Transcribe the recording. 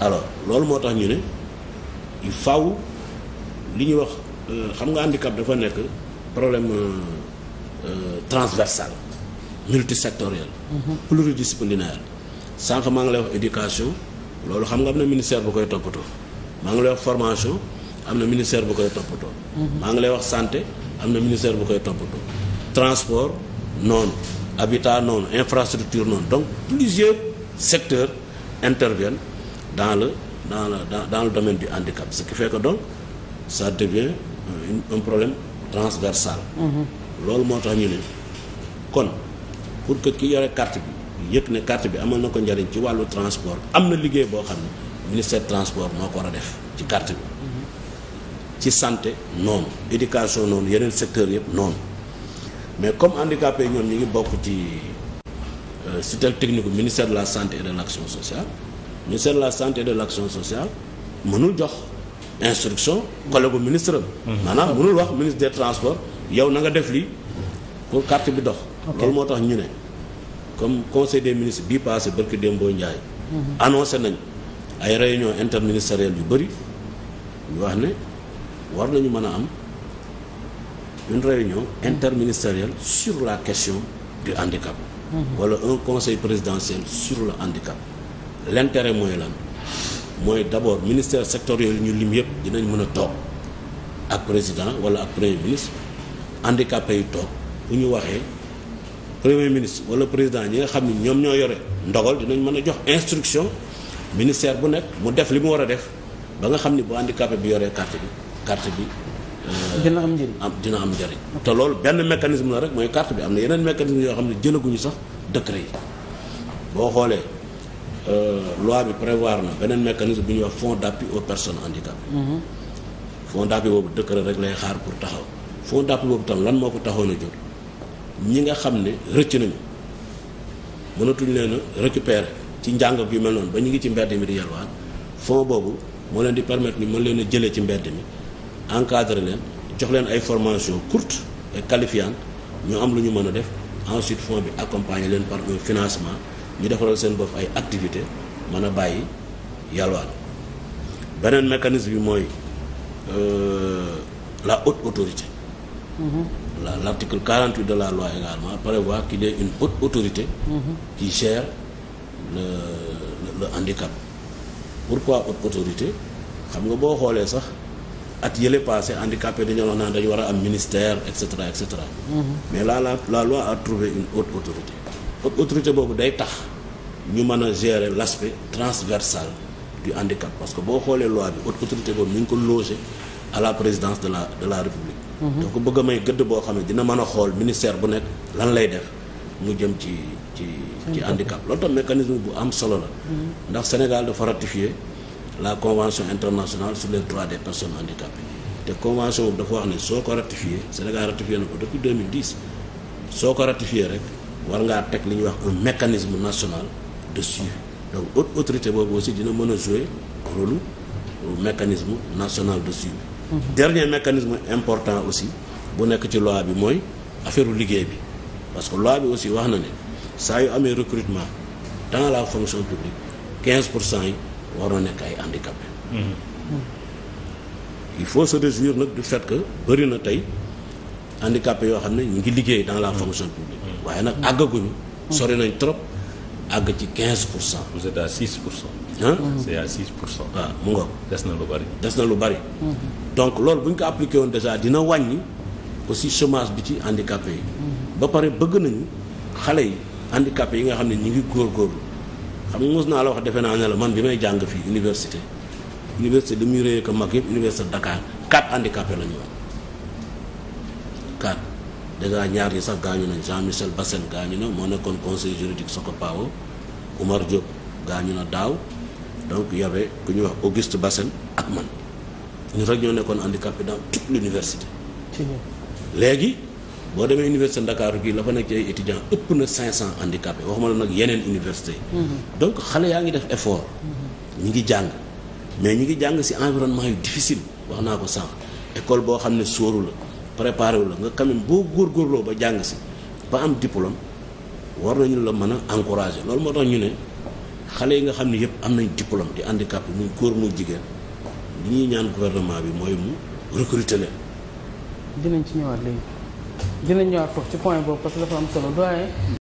alors loolu moo tax ñu ne il faut li ñuy wax euh, xam nga handicap dafa nekk problème euh, euh, transversal multisectoriel mhm. pluridisciplinaire sànq maa ngi lay wax éducation loolu xam nga am na ministère bu koy toppatoo maa ngi lay wax formation am na ministère bu koy toppatoo mhm. maa ngi lay wax santé am na ministère bu koy toppatoo transport noonu habitat noonu infrastructure noonu donc plusieurs secteurs interviennent dans le dans la dans, dans le domaine du handicap ce qui fait que donc ça devient euh, un, un problème transversal. Mhm. loolu moo tax ñu ne kon pour que ki yore carte bi yëg ne carte bi amal na ko njariñ ci wàllu transport am na liggéey boo xam ne ministère transport moo ko war a def ci carte bi. Mhm. ci santé noonu éducation noonu yeneen secteur yëpp noonu mais comme handicapé ñoom ñu ngi bokk ci. Euh, tutelle technique bu ministère de la santé et de l'action sociale ministère de la santé de l'action sociale mënul jox instruction collègue bu ministre am mmh. maanaam mënul wax ministre des transports yow na nga def lii pour carte bi dox loolu moo tax ñu ne comme conseil des ministres bii passé barki Dembo Ndiaye mmh. annoncé nañ ay réunion interministérielle yu bëri ñu wax ne war nañu mën a am une réunion interministérielle sur la question du handicap wala un conseil présidentiel sur le handicap l'intérêt mooy lan mooy d'abord ministère sectoriel yooyu ñu lim yëpp dinañ mën a toog ak président wala ak premier ministre handicapé yi toog bu ñu waxee premier ministre wala président ñi nga xam ni ñoom ñoo yore ndogal dinañ mën a jox instruction ministère bu nekk mu def li mu war a def ba nga xam ni bu handicapé bi yore carte bi carte bi dina am njëriñ dina am njëriñ te lool benn mécanisme la rek mooy carte bi am na yeneen mécanisme yoo xam ne jëlaguñu sax décret yi boo xoolee euh, loi bi prévoir na beneen mécanisme bu ñuy wax fonds d'appui aux personnes handicapées mhm. fonds d'appui boobu décret rek lay xaar pour taxaw fonds d'appui boobu tam lan moo ko taxoon a jot ñi nga xam ne rëcc nañu mënatuñ leen a ci njàng bi mel noonu ba ñu ngi ci mbedd mi di yalwaan fonds boobu moo leen di permettre ñu mën leen a jëlee ci mbedd mi encadrer leen jox leen ay formation courte et qualifiante ñu am lu ñu mën a def ensuite fonds bi accompagner leen par un financement ñu defaral seen bopp ay activités mën a bàyyi yalwaan beneen mécanisme bi mooy euh, la haute autorité mm-hmm. la l' article de la loi également par qu'il y ait une haute autorité mm-hmm. qui gère le le, le handicap quoi haute autorité xam nga boo xoolee sax at yële passé handicapé dañoo wax naan dañu war a am ministère et cetera et mais là la la loi a trouvé une haute autorité. haute autorité boobu day tax ñu mën a gérer l' aspect transversal du handicap parce que boo xoolee loi bi haute autorité boobu ñu ngi ko logé à la présidence de la de la république. Mhm. da ko bëgg a may gëdd boo xam ne dina mën a xool ministère bu nekk lan lay def mu jëm ci ci ci handicap loolu tam mécanisme bu am solo la. Mhm. ndax Sénégal dafa ratifié. la convention internationale sur trois droits des personnes handicapées te convention boobu dafa wax ne soo ko ratifié Sénégal ratifié na ko depuis 2010 soo ko ratifié rek war ngaa teg li ñuy wax un mécanisme national de suivi donc haute autorité boobu aussi dina mën a jouer rôle mécanisme national de suivi. Mhm. dernier mécanisme important aussi bu nekk ci loi bi mooy affaire liggéey bi parce que loi bi aussi wax na ni saa yu amee recrutement dans la fonction publique 15 pour cent yi. waroo nekk ay handicapé mhm. hmm. il faut se réjouir nag du fait que bëri na tey handicapé yoo xam ne ñu ngi liggéey dans la hmm. fonction publique hmm. waaye nag àggaguñu sori nañ trop àgg ci quinze pour cent vous êtes pour cent ah pour cent waaw mu nga des na lu bari des na lu bari donc loolu bu ñu ko appliqué woon déjà dina wàññi aussi chômage bi ci handicapé yi ba pare bëgg nañu xale yi handicapé yi nga xam ne ñu ngi góor góorgóorlu xam nga mos naa la wax defe naa ne la man bi may jàng fii université université de muy réy ko mag yëpp université Dakar quatre handicapés la ñu wax quatre dèjà ñaar yi sax gaañu nañ Jean Michel Bassène gaañu na moo nekkoon conseil juridique Socopao Omar Diop gaañu na daaw donc y avait ku ñuy wax Auguste Bassène ak man ñu rek ñoo nekkoon handicapé dans toute l'université léegi boo demee université Ndakaaru gii la fa nekk ci ay étudiants ëpp na 500 wax waxuma la nag yeneen université mhm. donc xale yaa ngi def effort. Mhm. ñu ngi jàng mais ñi ngi jàng ci environnement yu difficile wax naa ko sànq école boo xam ne sóoru la préparé wu la nga quand même góor góorloo ba jàng ci ba am diplôme war nañu la mën a encourager loolu moo tax ñu ne xale yi nga xam ne yëpp am nañ diplôme di handicapé muy góor mu jigéen li ñuy ñaan gouvernement bi mooy mu recruter leen. ci ñëwaat dina ñëwaat foofu ci point boobu parce que dafa am